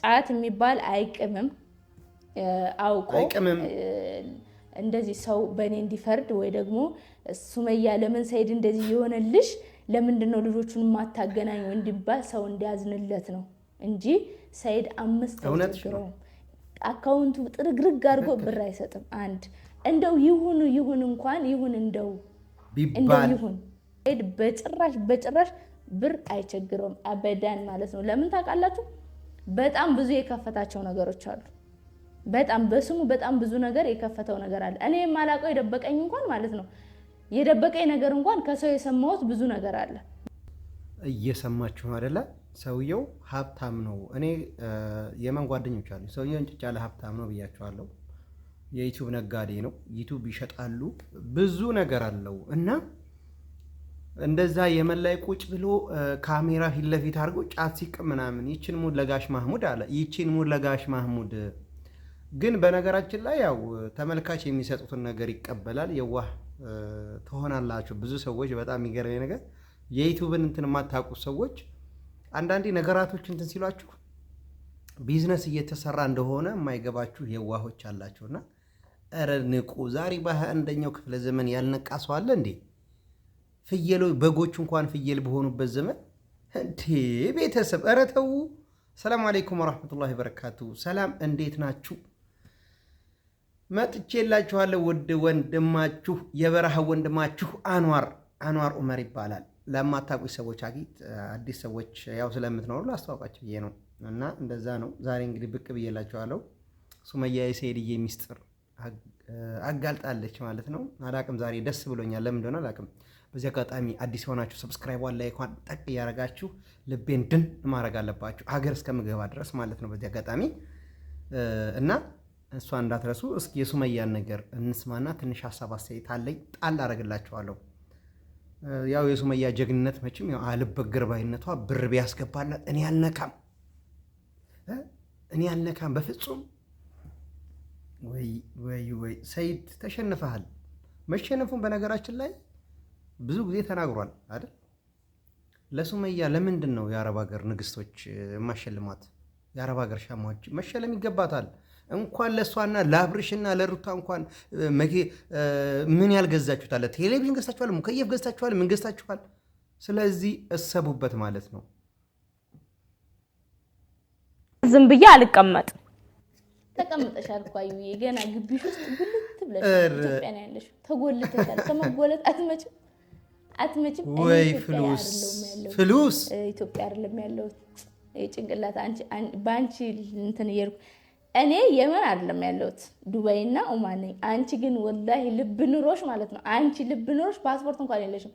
ጫት የሚባል አይቅምም አውቆ እንደዚህ ሰው በእኔ እንዲፈርድ ወይ ደግሞ ሱመያ ለምን ሰይድ እንደዚህ የሆነልሽ ለምንድን ነው ልጆቹን ማታገናኘው እንዲባል ሰው እንዲያዝንለት ነው እንጂ ሰይድ አምስት አካውንቱ ጥርግርግ አድርጎ ብር አይሰጥም። አንድ እንደው ይሁኑ ይሁን እንኳን ይሁን እንደው እንደው ይሁን ሰይድ በጭራሽ በጭራሽ ብር አይቸግረውም። አበዳን ማለት ነው። ለምን ታውቃላችሁ? በጣም ብዙ የከፈታቸው ነገሮች አሉ። በጣም በስሙ በጣም ብዙ ነገር የከፈተው ነገር አለ። እኔ የማላውቀው የደበቀኝ እንኳን ማለት ነው የደበቀኝ ነገር እንኳን ከሰው የሰማሁት ብዙ ነገር አለ። እየሰማችሁ አደለ? ሰውየው ሀብታም ነው። እኔ የመን ጓደኞች አሉ። ሰውየው እንጭጭ ያለ ሀብታም ነው ብያቸዋለሁ። የዩቱብ ነጋዴ ነው። ዩቱብ ይሸጣሉ። ብዙ ነገር አለው እና እንደዛ የመላይ ቁጭ ብሎ ካሜራ ፊት ለፊት አድርጎ ጫት ሲቅ ምናምን ይችን ሙድ ለጋሽ ማህሙድ አለ። ይችን ሙድ ለጋሽ ማህሙድ ግን በነገራችን ላይ ያው ተመልካች የሚሰጡትን ነገር ይቀበላል። የዋህ ትሆናላችሁ። ብዙ ሰዎች በጣም የሚገርመኝ ነገር የዩቱብን እንትን የማታውቁት ሰዎች አንዳንዴ ነገራቶች እንትን ሲሏችሁ ቢዝነስ እየተሰራ እንደሆነ የማይገባችሁ የዋሆች አላችሁና፣ ኧረ ንቁ። ዛሬ በሃያ አንደኛው ክፍለ ዘመን ያልነቃ ሰው አለ እንዴ? ፍየሎ በጎች እንኳን ፍየል በሆኑበት ዘመን እንዴ ቤተሰብ ኧረ ተው። ሰላም አለይኩም ወራህመቱላሂ በረካቱ። ሰላም እንዴት ናችሁ? መጥቼላችኋለሁ። ውድ ወንድማችሁ የበረሃ ወንድማችሁ አንዋር አንዋር ዑመር ይባላል። ለማታውቁኝ ሰዎች አጊት አዲስ ሰዎች ያው ስለምትኖሩ ላስተዋውቃችሁ ብዬ ነው እና እንደዛ ነው። ዛሬ እንግዲህ ብቅ ብዬላችኋለሁ። ሱመያ የሰይድዬ ሚስጥር አጋልጣለች ማለት ነው። አላቅም ዛሬ ደስ ብሎኛል። ለምን እንደሆነ አላቅም በዚህ አጋጣሚ አዲስ የሆናችሁ ሰብስክራይቧን ላይኳን ጠቅ እያደረጋችሁ ልቤን ድን ማድረግ አለባችሁ፣ ሀገር እስከምገባ ድረስ ማለት ነው። በዚህ አጋጣሚ እና እሷ እንዳትረሱ። እስኪ የሱመያን ነገር እንስማና ትንሽ ሀሳብ አስተያየት አለኝ ጣል አደረግላችኋለሁ። ያው የሱመያ ጀግንነት መቼም ያው አልበገር ባይነቷ ብር ቢያስገባላት እኔ አልነካም፣ እኔ አልነካም በፍጹም። ወይ ወይ ወይ ሰይድ ተሸንፈሃል። መሸነፉን በነገራችን ላይ ብዙ ጊዜ ተናግሯል አይደል? ለሱመያ ለምንድን ነው የአረብ ሀገር ንግስቶች ማሸልማት? የአረብ ሀገር ሻማዎች መሸለም ይገባታል። እንኳን ለእሷና ለአብርሽና ለሩታ እንኳን ምን ያህል ገዛችሁታለ ቴሌቪዥን ገዝታችኋል፣ ሙከየፍ ገዝታችኋል፣ ምን ገዝታችኋል? ስለዚህ እሰቡበት ማለት ነው። ዝም ብዬ አልቀመጥ ተቀምጠሻል እኮ አዩዬ፣ ገና ግቢሽ ውስጥ ጉልት ብለሽ ኢትዮጵያ ነው ያለሽ። ተጎልተሻል። ከመጎለት አትመጭም አትመጭም። ወይ ፍሉስ ፍሉስ ኢትዮጵያ አይደለም ያለሁት የጭንቅላት በአንቺ እንትን እየሄድኩ እኔ የመን አይደለም ያለሁት ዱባይና ኦማን ነኝ። አንቺ ግን ወላሂ ልብ ኑሮሽ ማለት ነው። አንቺ ልብ ኑሮሽ ፓስፖርት እንኳን የለሽም።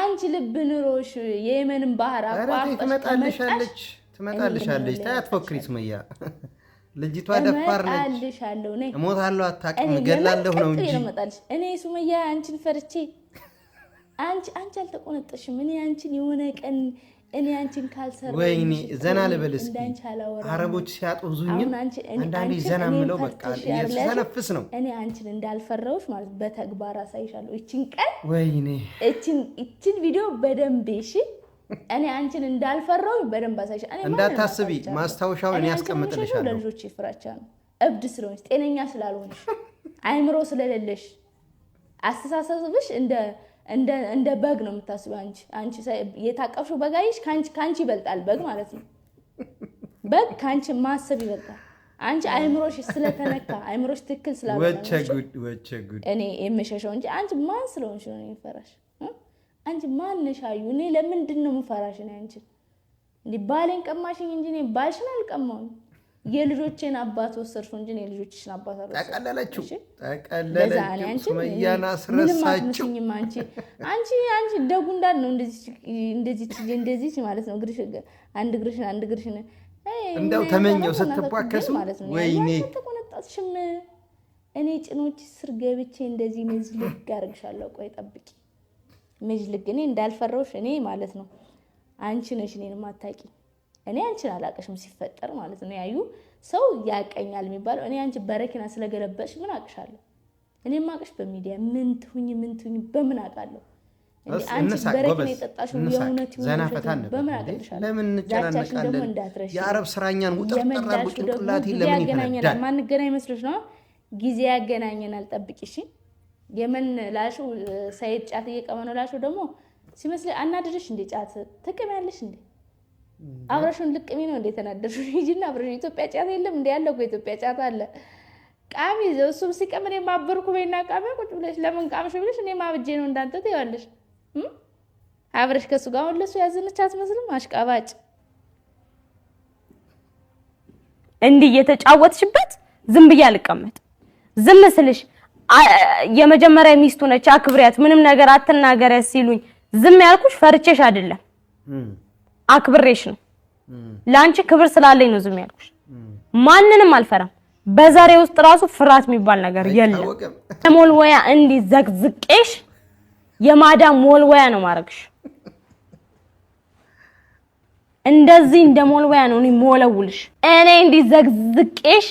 አንቺ ልብ ኑሮሽ የየመንን ባህር አቋርጠሽ ትመጣልሻለች፣ ትመጣልሻለች። ታይ አትፎክሪ ሱመያ፣ ልጅቷ ደፋር ነች። እሞታለሁ፣ አታውቅም፣ እገላለሁ ነው እንጂ እኔ ሱመያ አንቺን ፈርቼ አንቺ አንቺ አልተቆነጠሽም። እኔ አንቺን የሆነ ቀን እኔ አንቺን ካልሰራ ወይኔ ዘና ልበልስ። አረቦች ሲያጦዙኝም አንዳንዴ ዘና ምለው በቃ ሰነፍስ ነው። እኔ አንቺን እንዳልፈራሁሽ ማለት በተግባር አሳይሻለሁ። እችን ቀን ወይኔ እችን ቪዲዮ በደንብ እሺ። እኔ አንቺን እንዳልፈራሁ በደንብ አሳይሻ። እንዳታስቢ፣ ማስታወሻው እኔ ያስቀምጥልሻለሁ። ለልጆች ፍራቻ ነው። እብድ ስለሆንሽ፣ ጤነኛ ስላልሆንሽ፣ አይምሮ ስለሌለሽ፣ አስተሳሰብሽ እንደ እንደ በግ ነው የምታስቢው አንቺ አንቺ የታቀፍሽው በግ አይሽ ከአንቺ ይበልጣል በግ ማለት ነው። በግ ከአንቺ ማሰብ ይበልጣል። አንቺ አይምሮሽ ስለተነካ አይምሮሽ ትክክል ስላልሆነ እኔ የምሸሸው እንጂ አንቺ ማን ስለሆንሽ ነው የምፈራሽ? አንቺ ማን ነሽ አዩ? እኔ ለምንድን ነው የምፈራሽ? አንቺ ባሌን ቀማሽኝ እንጂ እኔ ባልሽን አልቀማውኝ። የልጆቼን አባት ወሰድሽው እንጂ የልጆችሽን አባት ጠቀለለችው። አስረሳችው። አንቺ አንቺ ደጉ እንዳል ነው እንደዚህ ማለት ነው። እግርሽ አንድ እግርሽን አንድ እግርሽን እንደው ተመኘው ስትቧከሱ ወይኔ ተቆነጣትሽም እኔ ጭኖች ስር ገብቼ እንደዚህ መዝልግ ቆይ ጠብቂ መዝልግ እኔ እንዳልፈራሁሽ እኔ ማለት ነው። አንቺ ነሽ እኔ አንቺን አላቀሽም ሲፈጠር ማለት ነው። ያዩ ሰው ያቀኛል የሚባለው እኔ አንቺ በረኪና ስለገለበጥሽ ምን አቅሻለሁ? እኔ ማቅሽ በሚዲያ ምን ትሁኝ ምን ትሁኝ በምን አውቃለሁ? አንቺ በረኪና የጠጣሽው የእውነት የአረብ ስራኛን ውጥርጠራጉ ጭንቅላቴ ለምን ይፈነዳል? ማንገናኝ መስሎሽ ነው። ጊዜ ያገናኘናል። ጠብቂሽ። የምን ላሹ ሳይድ ጫት እየቀመነው ላሹ ደግሞ ሲመስል አናድርሽ እንዴ ጫት ትቅም ያለሽ እንዴ አብረሽን ልቅሚ ነው እንደ ተናደርሹ ሂጂና አብረሽ ኢትዮጵያ ጫት የለም እንደ ያለ ኢትዮጵያ ጫት አለ ቃሚ ዘው እሱም ሲቀም እኔ ማበርኩ በይና ቃሚ ቁጭ ብለሽ ለምን ቃምሽ ብለሽ እኔ ማብጄ ነው እንዳንተ ትይዋለሽ። አብረሽ ከሱ ጋር አሁን ለሱ ያዘነች አትመስልም። አሽቃባጭ እንዲህ እየተጫወትሽበት ዝም ብዬ አልቀመጥ። ዝም ስልሽ የመጀመሪያ ሚስቱ ነች አክብሪያት፣ ምንም ነገር አትናገሪያት ሲሉኝ ዝም ያልኩሽ ፈርቼሽ አይደለም አክብሬሽ ነው። ለአንቺ ክብር ስላለኝ ነው ዝም ያልኩሽ። ማንንም አልፈራም። በዛሬ ውስጥ ራሱ ፍርሃት የሚባል ነገር የለም። ሞልወያ እንዲህ ዘቅዝቄሽ የማዳም ሞልወያ ነው ማድረግሽ። እንደዚህ እንደ ሞልወያ ነው እኔ ሞለውልሽ። እኔ እንዲ ዘቅዝቄሽ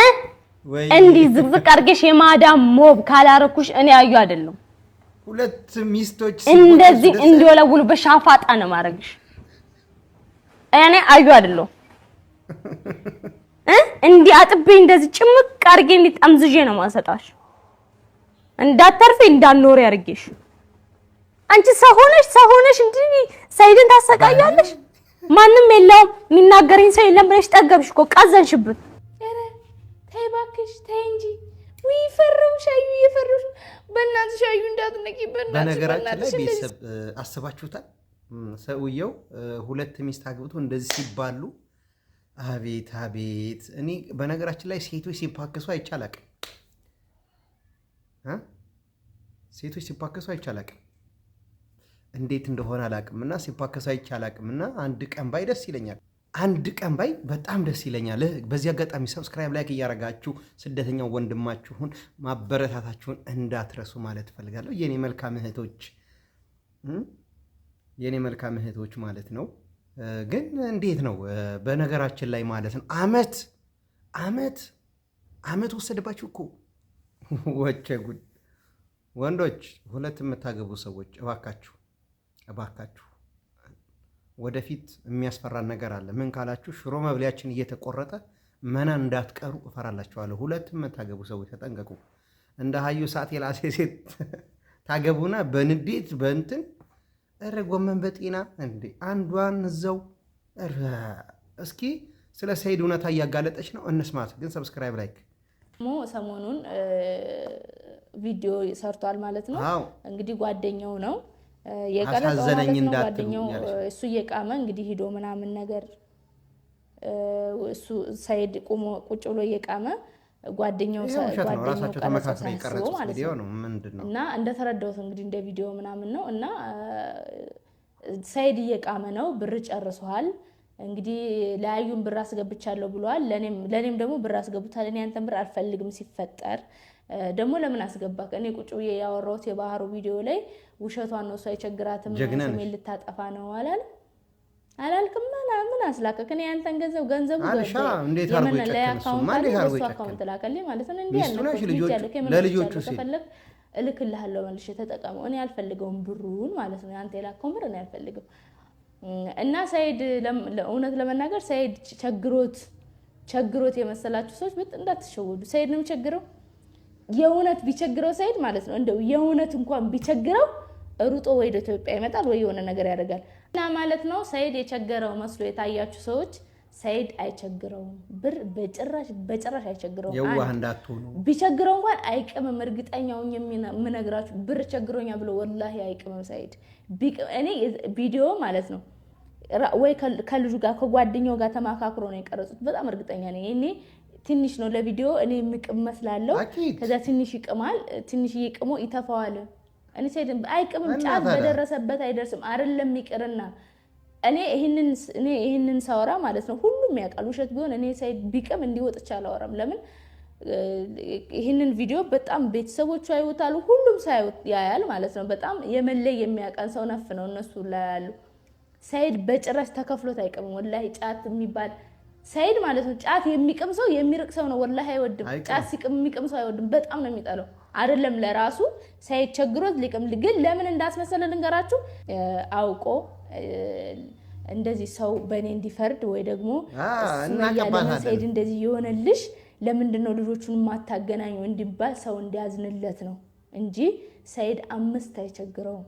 እ እንዲ ዝቅዝቅ አድርጌሽ የማዳም ሞብ ካላረኩሽ እኔ አዩ አይደለም። ሁለት ሚስቶች እንደዚህ እንዲወለውሉ በሻፋጣ ነው ማድረግሽ። እኔ አዩ አይደለሁ እ እንዲህ አጥቤ እንደዚህ ጭምቅ አድርጌ እንዲህ ጠምዝዤ ነው ማሰጣሽ። እንዳተርፌ እንዳልኖር ያርጌሽ። አንቺ ሰው ሆነሽ ሰው ሆነሽ እንዲህ ሰይድን ታሰቃያለሽ። ማንም የለውም የሚናገረኝ ሰው የለም ብለሽ ጠገብሽ እኮ ቀዘንሽብን። ኧረ ተይ እባክሽ ተይ እንጂ ወይ ፈረውሽ አዩ የፈረውሽ በእናትሽ አዩ እንዳትነቂ። በእናትሽ በእናትሽ አስባችሁታል ሰውየው ሁለት ሚስት አግብቶ እንደዚህ ሲባሉ አቤት አቤት። እኔ በነገራችን ላይ ሴቶች ሲፓከሱ አይቻላቅም ሴቶች ሲፓከሱ አይቻላቅም እንዴት እንደሆነ አላቅም እና ሲፓከሱ አይቻላቅም እና አንድ ቀን ባይ ደስ ይለኛል። አንድ ቀን ባይ በጣም ደስ ይለኛል። በዚህ አጋጣሚ ሰብስክራይብ ላይክ እያረጋችሁ ስደተኛው ወንድማችሁን ማበረታታችሁን እንዳትረሱ ማለት እፈልጋለሁ የኔ መልካም እህቶች የእኔ መልካም እህቶች ማለት ነው። ግን እንዴት ነው በነገራችን ላይ ማለት ነው አመት አመት አመት ወሰደባችሁ እኮ ወቸ ጉድ! ወንዶች ሁለት የምታገቡ ሰዎች እባካችሁ እባካችሁ ወደፊት የሚያስፈራን ነገር አለ። ምን ካላችሁ ሽሮ መብሊያችን እየተቆረጠ መና እንዳትቀሩ እፈራላችኋለሁ። ሁለት የምታገቡ ሰዎች ተጠንቀቁ። እንደ ሀዩ ሳት የላሴ ሴት ታገቡና በንዴት በእንትን እረ ጎመን በጤና እንዴ! አንዷን እዛው እስኪ ስለ ሰይድ እውነታ እያጋለጠች ነው፣ እንስማት። ግን ሰብስክራይብ ላይክ ሞ ሰሞኑን ቪዲዮ ሰርቷል ማለት ነው። እንግዲህ ጓደኛው ነው የቀረጸው ማለት ነው። እሱ እየቃመ እንግዲህ ሂዶ ምናምን ነገር እሱ ሰይድ ቁሞ ቁጭ ብሎ እየቃመ ጓደኛው እና እንደተረዳሁት እንግዲህ እንደ ቪዲዮ ምናምን ነው እና ሰይድ እየቃመ ነው። ብር ጨርሰዋል። እንግዲህ ለያዩን ብር አስገብቻለሁ ብለዋል። ለእኔም ደግሞ ብር አስገቡታል። እኔ ያንተን ብር አልፈልግም። ሲፈጠር ደግሞ ለምን አስገባ? እኔ ቁጭ ብዬ ያወራሁት የባህሩ ቪዲዮ ላይ ውሸቷን ነው፣ እሷ አይቸግራትም፣ ስሜን ልታጠፋ ነው አላለም አላልክም ምናምን አስላከክ እኔ ያንተን ገንዘብ ገንዘቡ የመለያ አካውንት ላከልኝ ማለት ነው። እንዲህ ያለለልጆቹ ከፈለግ እልክልሃለሁ መልሼ ተጠቀመው። እኔ አልፈልገውም ብሩን ማለት ነው። አንተ የላከውን ብር እኔ አልፈልግም። እና ሰይድ እውነት ለመናገር ሰይድ ቸግሮት ቸግሮት የመሰላችሁ ሰዎች ብጥ እንዳትሸወዱ። ሰይድ ነው የሚቸግረው። የእውነት ቢቸግረው ሰይድ ማለት ነው እንደው የእውነት እንኳን ቢቸግረው ሩጦ ወይ ወደ ኢትዮጵያ ይመጣል ወይ የሆነ ነገር ያደርጋል። እና ማለት ነው ሰይድ የቸገረው መስሎ የታያችሁ ሰዎች ሰይድ አይቸግረውም። ብር በጭራሽ በጭራሽ አይቸግረውም። የዋህ እንዳትሆኑ። ቢቸግረው እንኳን አይቅምም። እርግጠኛውን የምነግራችሁ ብር ቸግሮኛ ብሎ ወላሂ አይቅምም ሰይድ። እኔ ቪዲዮ ማለት ነው ወይ ከልጁ ጋር ከጓደኛው ጋር ተማካክሮ ነው የቀረጹት። በጣም እርግጠኛ ነኝ እኔ ትንሽ ነው ለቪዲዮ እኔ የምቅም መስላለሁ። ከዚያ ትንሽ ይቅማል። ትንሽ ይቅሞ ይተፋዋል። እኔ አይቅምም ጫት በደረሰበት አይደርስም። አይደለም ይቅርና እኔ ይህንን ሳወራ ማለት ነው ሁሉም ያውቃል። ውሸት ቢሆን እኔ ሳይድ ቢቅም እንዲወጥቻ አላወራም። ለምን ይህንን ቪዲዮ በጣም ቤተሰቦቹ ያዩታሉ፣ ሁሉም ያያል ማለት ነው። በጣም የመለይ የሚያውቃን ሰው ነፍ ነው እነሱ ላያሉ። ሳይድ በጭራሽ ተከፍሎት አይቅምም። ወላሂ ጫት የሚባል ሳይድ ማለት ነው ጫት የሚቅም ሰው የሚርቅ ሰው ነው ወላሂ አይወድም። ጫት ሲቅም የሚቅም ሰው አይወድም። በጣም ነው የሚጠለው አይደለም ለራሱ ሳይቸግሮት ሊቅም ግን ለምን እንዳስመሰለ ልንገራችሁ። አውቆ እንደዚህ ሰው በእኔ እንዲፈርድ ወይ ደግሞ ሰይድ እንደዚህ የሆነልሽ ለምንድን ነው ልጆቹን የማታገናኙ እንዲባል ሰው እንዲያዝንለት ነው እንጂ ሰይድ አምስት አይቸግረውም።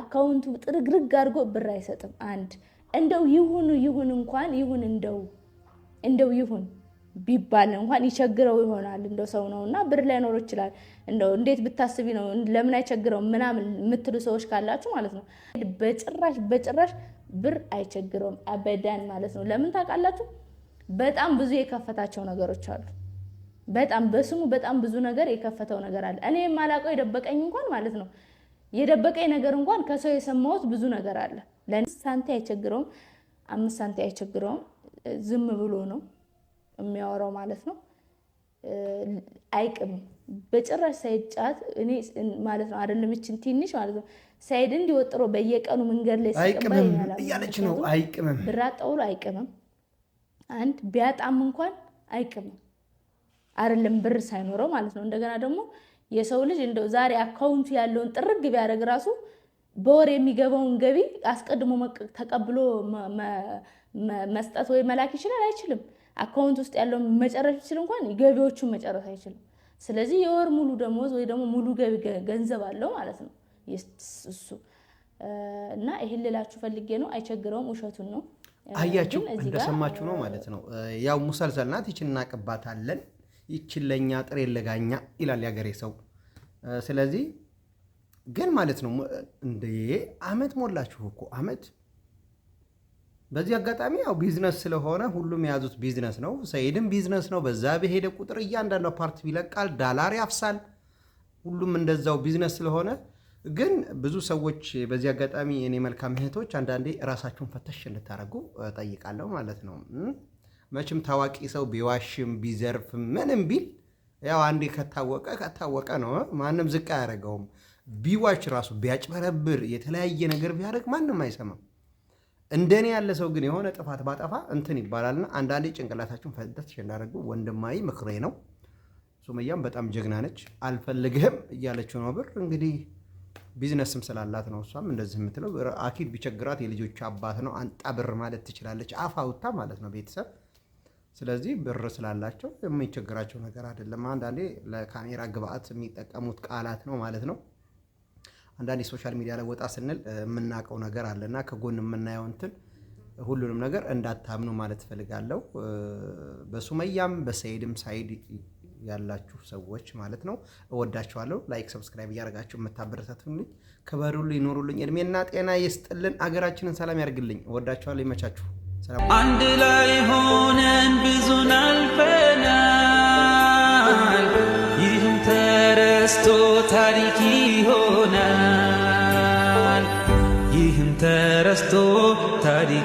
አካውንቱ ጥርግርግ አድርጎ ብር አይሰጥም። አንድ እንደው ይሁን ይሁን እንኳን ይሁን እንደው እንደው ይሁን ቢባል እንኳን ይቸግረው ይሆናል። እንደው ሰው ነው እና ብር ላይኖር ይችላል። እንደው እንዴት ብታስቢ ነው ለምን አይቸግረው ምናምን የምትሉ ሰዎች ካላችሁ ማለት ነው በጭራሽ በጭራሽ ብር አይቸግረውም አበዳን ማለት ነው። ለምን ታውቃላችሁ? በጣም ብዙ የከፈታቸው ነገሮች አሉ። በጣም በስሙ በጣም ብዙ ነገር የከፈተው ነገር አለ። እኔ የማላውቀው የደበቀኝ እንኳን ማለት ነው የደበቀኝ ነገር እንኳን ከሰው የሰማሁት ብዙ ነገር አለ። ለእኔ አይቸግረውም፣ አምስት ሳንቲ አይቸግረውም። ዝም ብሎ ነው የሚያወራው ማለት ነው። አይቅም በጭራሽ ሳይጫት ጫት እኔ ማለት ነው አይደለም ይችን ትንሽ ማለት ነው ሳይድ እንዲወጥሮ በየቀኑ መንገድ ላይ ሲቀበል እያለች ነው። አይቅምም ብር አጣውሎ አይቅምም። አንድ ቢያጣም እንኳን አይቅምም አይደለም ብር ሳይኖረው ማለት ነው። እንደገና ደግሞ የሰው ልጅ እንደው ዛሬ አካውንቱ ያለውን ጥርግ ቢያደርግ ራሱ በወር የሚገባውን ገቢ አስቀድሞ ተቀብሎ መስጠት ወይ መላክ ይችላል? አይችልም። አካውንት ውስጥ ያለውን መጨረስ ይችል እንኳን ገቢዎቹን መጨረስ አይችልም። ስለዚህ የወር ሙሉ ደሞዝ ወይ ደግሞ ሙሉ ገቢ ገንዘብ አለው ማለት ነው እሱ እና ይህን ልላችሁ ፈልጌ ነው። አይቸግረውም። ውሸቱን ነው። አያችሁ፣ እንደሰማችሁ ነው ማለት ነው። ያው ሙሰልሰል ናት። ይችን እናቅባታለን። ይችን ለእኛ ጥሬ ለጋኛ ይላል ያገሬ ሰው። ስለዚህ ግን ማለት ነው እንደ አመት ሞላችሁ እኮ አመት። በዚህ አጋጣሚ ያው ቢዝነስ ስለሆነ ሁሉም የያዙት ቢዝነስ ነው። ሰይድም ቢዝነስ ነው። በዛ በሄደ ቁጥር እያንዳንዱ ፓርቲ ይለቃል፣ ዳላር ያፍሳል። ሁሉም እንደዛው ቢዝነስ ስለሆነ ግን ብዙ ሰዎች በዚህ አጋጣሚ እኔ መልካም እህቶች አንዳንዴ ራሳችሁን ፈተሽ እንድታደርጉ ጠይቃለሁ ማለት ነው። መቼም ታዋቂ ሰው ቢዋሽም ቢዘርፍም ምንም ቢል ያው አንዴ ከታወቀ ከታወቀ ነው፣ ማንም ዝቅ አያደርገውም። ቢዋች ራሱ ቢያጭበረብር የተለያየ ነገር ቢያደርግ ማንም አይሰማም። እንደኔ ያለ ሰው ግን የሆነ ጥፋት ባጠፋ እንትን ይባላልና አንዳንዴ ጭንቅላታችሁን ፈንጠሽ እንዳደረጉ ወንድማዊ ምክሬ ነው። ሱመያም በጣም ጀግና ነች። አልፈልግህም እያለችው ነው። ብር እንግዲህ ቢዝነስም ስላላት ነው እሷም እንደዚህ የምትለው። አኪድ ቢቸግራት የልጆች አባት ነው። አንጣ ብር ማለት ትችላለች። አፋውታ ማለት ነው ቤተሰብ። ስለዚህ ብር ስላላቸው የሚቸግራቸው ነገር አይደለም። አንዳንዴ ለካሜራ ግብአት የሚጠቀሙት ቃላት ነው ማለት ነው። አንዳንድ የሶሻል ሚዲያ ላይ ወጣ ስንል የምናውቀው ነገር አለና ከጎን የምናየው እንትን ሁሉንም ነገር እንዳታምኑ ማለት እፈልጋለሁ። በሱመያም በሰይድም ሳይድ ያላችሁ ሰዎች ማለት ነው። እወዳችኋለሁ። ላይክ፣ ሰብስክራይብ እያደረጋችሁ የምታበረታቱልኝ ክበሩልኝ፣ ይኖሩልኝ፣ እድሜና ጤና ይስጥልን፣ አገራችንን ሰላም ያርግልኝ። እወዳችኋለሁ። ይመቻችሁ። አንድ ላይ ሆነን ብዙን አልፈናል። ይህም ተረስቶ ታሪክ ይሆናል።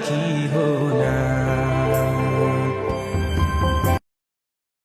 কি হো না